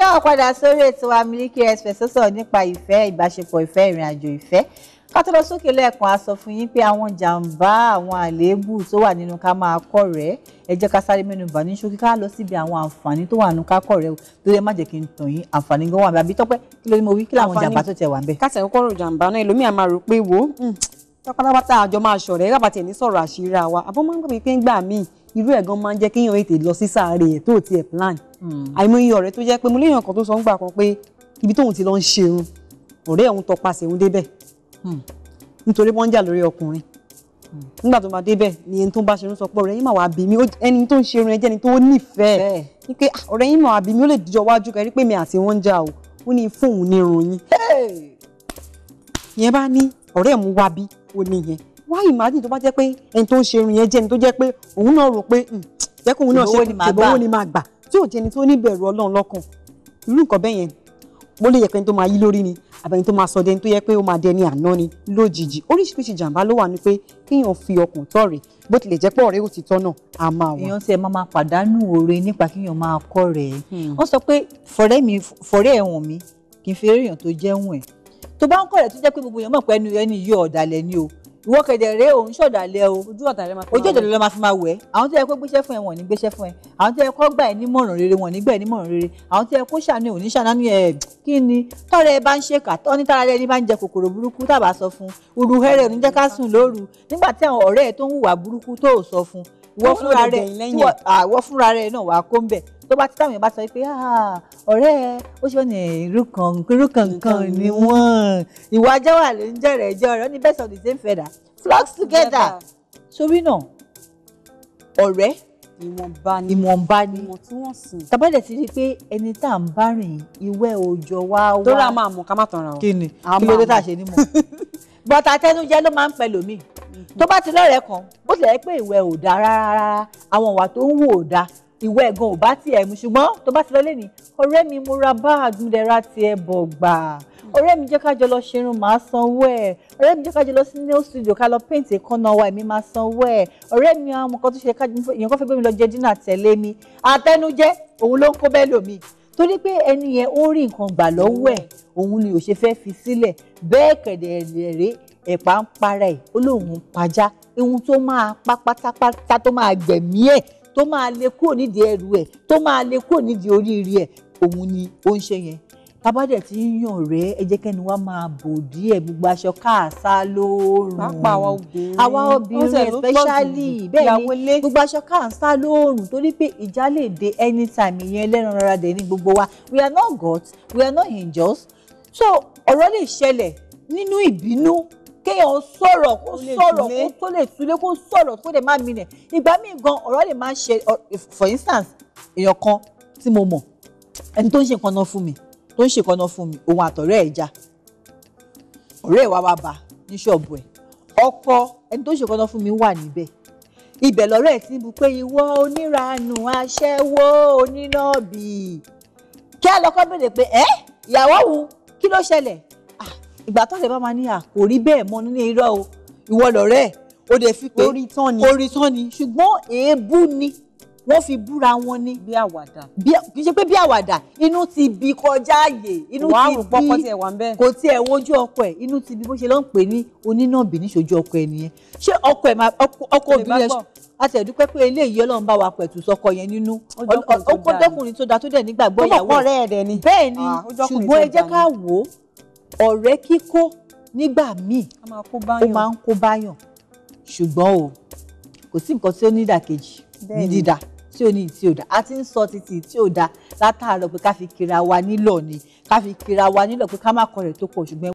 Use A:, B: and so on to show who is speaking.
A: káwọ́ padà sórí ètò wa Miliki Express tó sọ̀rọ̀ nípa ìfẹ́ ìbáṣepọ̀ ìfẹ́ ìrìn àjò ìfẹ́ ká tó lọ sókè lẹ́ẹ̀kan a sọ fún yín pé àwọn jàǹbá àwọn àléébù tó wà nínú ká máa kọ́ rẹ̀ ẹ jẹ́ ká sáré mẹ́nu bà ní ṣókí ká lọ síbi àwọn àǹfààní tó wà nínú ká kọ́ rẹ̀ tó yẹ má
B: jẹ́ kí n tàn yín àǹfààní gan wà bẹ́ẹ̀ àbí kí ló ní mo wí kí làwọn jàǹbá tó tẹ̀ wà bẹ́ẹ̀. káṣẹ̀ kọ́kọ́ jàǹbá náà ẹlòmíà máa rò pé wo pátápátá àjọ máa ṣọ̀rẹ́ rábàtì ẹ̀ ní sọ̀rọ̀ àṣírí wa àbọ̀ máa ń gbàgbé pé ń gbà míì irú ẹ̀ gan máa ń jẹ́ kéèyàn ètè lọ sí sàárè ẹ̀ tó tiẹ̀ plan hmm. àìmọye ọ̀rẹ́ tó jẹ́ pé mo léèyàn kan tó sọ ń gbà kan pé ibi tóun ti lọ ń ṣerun ọ̀rẹ́ òun tọpasẹ̀ òun débẹ̀ hmm. nítorí wọ́n ń jà lórí ọkùnrin nígbà hmm. tó máa débẹ̀ ni ẹni tó ń bá ṣerun sọ pé ọ̀rẹ́ yín máa wá bí mi ẹni tó ń ṣerun ẹ jẹ́ ẹni tó nífẹ̀ẹ́ ni pé ah, ọ̀rẹ́ yín máa wá bí mi ó lè dijọ́ o ó ní fóun ní irun yín ìyẹn bá ní mu wá ò nìyẹn wá imagine tó bá jẹ́ pé ẹni tó ń ṣe irun yẹn jẹ́ ẹni tó jẹ́ pé òun náà rò pé hmm, jẹ́ kóun náà ṣe ìbọ̀wọ́ ni máa gbà tí ò jẹ́ ẹni tó ní bẹ̀rù ọlọ́run lọ́kàn irú nǹkan bẹ́ẹ̀ yẹn mo lè yẹ pé ẹni tó máa yí lórí ni àbẹ̀ni tó máa sọ dẹni tó yẹ pé ó máa dẹni àná ni lójijì oríṣiríṣi jàǹbá ló wà ní pé kéèyàn fi ọkàn tọ̀ rẹ̀ bó tilẹ̀ jẹ́ pé ọ̀rẹ́ òtítọ́ náà a máa wà. èèyàn tiẹ̀ máa máa pàdánù oore nípa kéèyàn máa kọ́ rẹ̀ ẹ́ hmm. wọ́n sọ pé
A: fọ̀rẹ́ mi fọ̀rẹ́ ẹ̀wọ̀n mi kì í fi eré èèyàn tó jẹ́ wọ̀n ẹ̀ tó bá ń kọ̀rẹ́ tó jẹ́ pé gbogbo èèyàn mọ̀ pé ẹnu ẹni yìí ọ̀dàlẹ̀ ni o ìwọ kẹ̀dẹ̀ rẹ òun ṣọ̀dàlẹ̀ o
B: ojú ọ̀dàlẹ̀ máa fi máa wẹ̀ ojú
A: ọ̀dàlẹ̀ máa fi máa wẹ̀ àwọn tó yẹ kó gbéṣẹ́ fún ẹ wọ̀n ní gbéṣẹ́ fún ẹ àwọn tó yẹ kó gbà ẹ nímọ̀ràn rere wọ̀n ní gbà ẹ nímọ̀ràn rere àwọn tó yẹ kó ṣàánú ẹ òní ṣàánú ẹ kí ni tọ́ra ẹ bá ń ṣe kà tọ́ ní tára ẹni bá ń jẹ kòkòrò burúkú tàbá sọ fún uru hẹ́rẹ́ òní jẹ́ ká sùn lóru nígbà tí àwọn ọ̀rẹ́ ẹ tó ń hùwà burúkú tó sọ fún wọ́n fúnra rẹ̀ wọ́n fúnra rẹ̀ náà wàá kó ń bẹ̀ tó bá táwọn èèyàn bá sọ pé ah, ọ̀rẹ́ ó ṣe ọ̀nà irúkan irúkan kan ni wọ́n ìwà ajáwà ló ń jẹ̀rẹ̀ jẹ́ ọ̀rẹ́ ní best of the same feather flocks together sórí náà ọ̀rẹ́ ìwọ̀nba ni ìwọ̀nba ni
B: ìwọ̀ntúnwọ̀nsì.
A: tàbádẹ̀ ti rí i pé ẹni tá à ń bá rìn ìwẹ́ òòjọ́ wa wá. tó rà
B: máa mú ká má tanra o. kí
A: ni kí ló dé tá a ṣe ní mọ. bọ́tà tẹnujẹ ló máa ń pẹ lómi tó bá ti lọ́rẹ̀ẹ́ kan bó tilẹ̀ pé ìwẹ̀ ò dáa rárá rárá àwọn ìwà tó ń wò ò dáa ìwẹ̀ gan ò bá tiẹ̀ mu ṣùgbọ́n tó bá ti lọ lé ní ọ̀rẹ́ mi mo ra báàgì dẹ́ra tiẹ̀ bọ̀ gbà ọ̀rẹ́ mi jẹ́ ká jọ lọ ṣerun màá sanwó ẹ̀ ọ̀rẹ́ mi jẹ́ ká jọ lọ sí nail studio ká lọ paint èékánná wa èmi máa sanwó ẹ̀ ọ̀rẹ́ mi àwọn nǹkan tó ṣe ká èèyàn kan fẹ́ gbé mi lọ jẹ dínà tẹ̀lé mi àtẹnujẹ òun ló ń kó bẹ́ẹ̀ lòmíì torí pé ẹni yẹn ó rí nǹkan gbà lọ́wọ́ ẹ̀ òun ni ò fi sílẹ̀ bẹ́ẹ̀ kẹ̀dẹ̀ ẹ̀pà ń para ẹ̀ ó lóun pajá ihun tó máa pa pátápátá tó máa gbẹ̀mí ẹ̀ tó máa lè kúrò nídìí ẹrù ẹ̀ tó máa lè kúrò nídìí oríire ẹ̀ òun ni ó ń ṣe yẹn tabadẹ ti ń yàn rẹ ẹ jẹ́ kẹ́ni wá máa bò díẹ̀ gbogbo aṣọ káàsá lóòrùn pápá àwa obìnrin àwa obìnrin especially bẹ́ẹ̀ ni gbogbo aṣọ káàsá lóòrùn torí pé ìjà lè dé anytime ìyẹn ẹlẹ́ran rárá dẹ̀ ní gbogbo wa we are not gods we are not angels so ọ̀rọ̀ lè ṣẹlẹ̀ nínú ìbínú kéèyàn sọ̀rọ̀ kó sọ̀rọ̀ kó tó lè túlé kó sọ̀rọ̀ kó lè má minẹ̀ ìgbà míì gan ọ̀rọ̀ lè máa ṣe for instance èèyàn kan tí mo mọ̀ ẹni tó ń ṣe nǹkan náà fún mi tó ń ṣe nǹkan náà fún mi òun àtọ̀rẹ́ ẹ̀ já ọ̀rẹ́ ẹ̀ wá wá bá ní ṣọ́ọ̀bù ẹ̀ ọkọ ẹni tó ń ṣe nǹkan fún mi wà níbẹ̀ ibẹ̀ lọ́rọ̀ ẹ̀ ti bu pé ìwọ oníranù aṣẹ́wó onínàbì kí á lọ́kọ́ béèrè pé ẹ́ ìyàwó òun kí ló ṣẹlẹ̀ ìgbà tó ṣe bá máa ní àkórí bẹ́ẹ̀ mọ́ nínú irọ́ o ìwọ lọ̀rẹ́ ẹ̀ ó dẹ̀ fi pé orí tán ni orí tán ni ṣùgbọ́n èébú ni wọ́n fi búra wọn ni. bí àwàdà. kì í ṣe pé bí àwàdà inú ti bi kọjá àyè inú ti bí wàá rò pọ́pọ́ tiẹ̀ wà ń bẹ́ẹ̀. kò tiẹ̀ wojú ọkọ ẹ̀ inú ti bí bó ṣe ló ń pè ní onínàbì níṣojú ọkọ ẹ̀ nìyẹn ṣé ọkọ ẹ̀ máa ọkọ obìnrin ẹ̀ àti ẹ̀dúpẹ́ pé eléyìí ọlọ́run bá wa pẹ̀tù sọkọ yẹn nínú ọkọ dọ́kùnrin tó da tó dẹ̀ nígbàgbọ́ ìyàwó rẹ̀ bẹ́ẹ̀ ni ah, ṣùgbọ́n ẹ jẹ́ ká wò ó ọ̀rẹ́ kíkó nígbà míì
B: ó máa ń
A: kó báyàn ṣùgbọ́n o kò sí nǹkan tí ó ní ìdàkejì ní dídá tí ó ní tí ò dá a ti ń sọ títí tí ò dá látàárọ̀ pé ká fi kira wa nílọ̀ ni ká fi kira wa nílọ̀ pé ká má kọrẹ̀ tó pọ̀ ṣùgbọ́n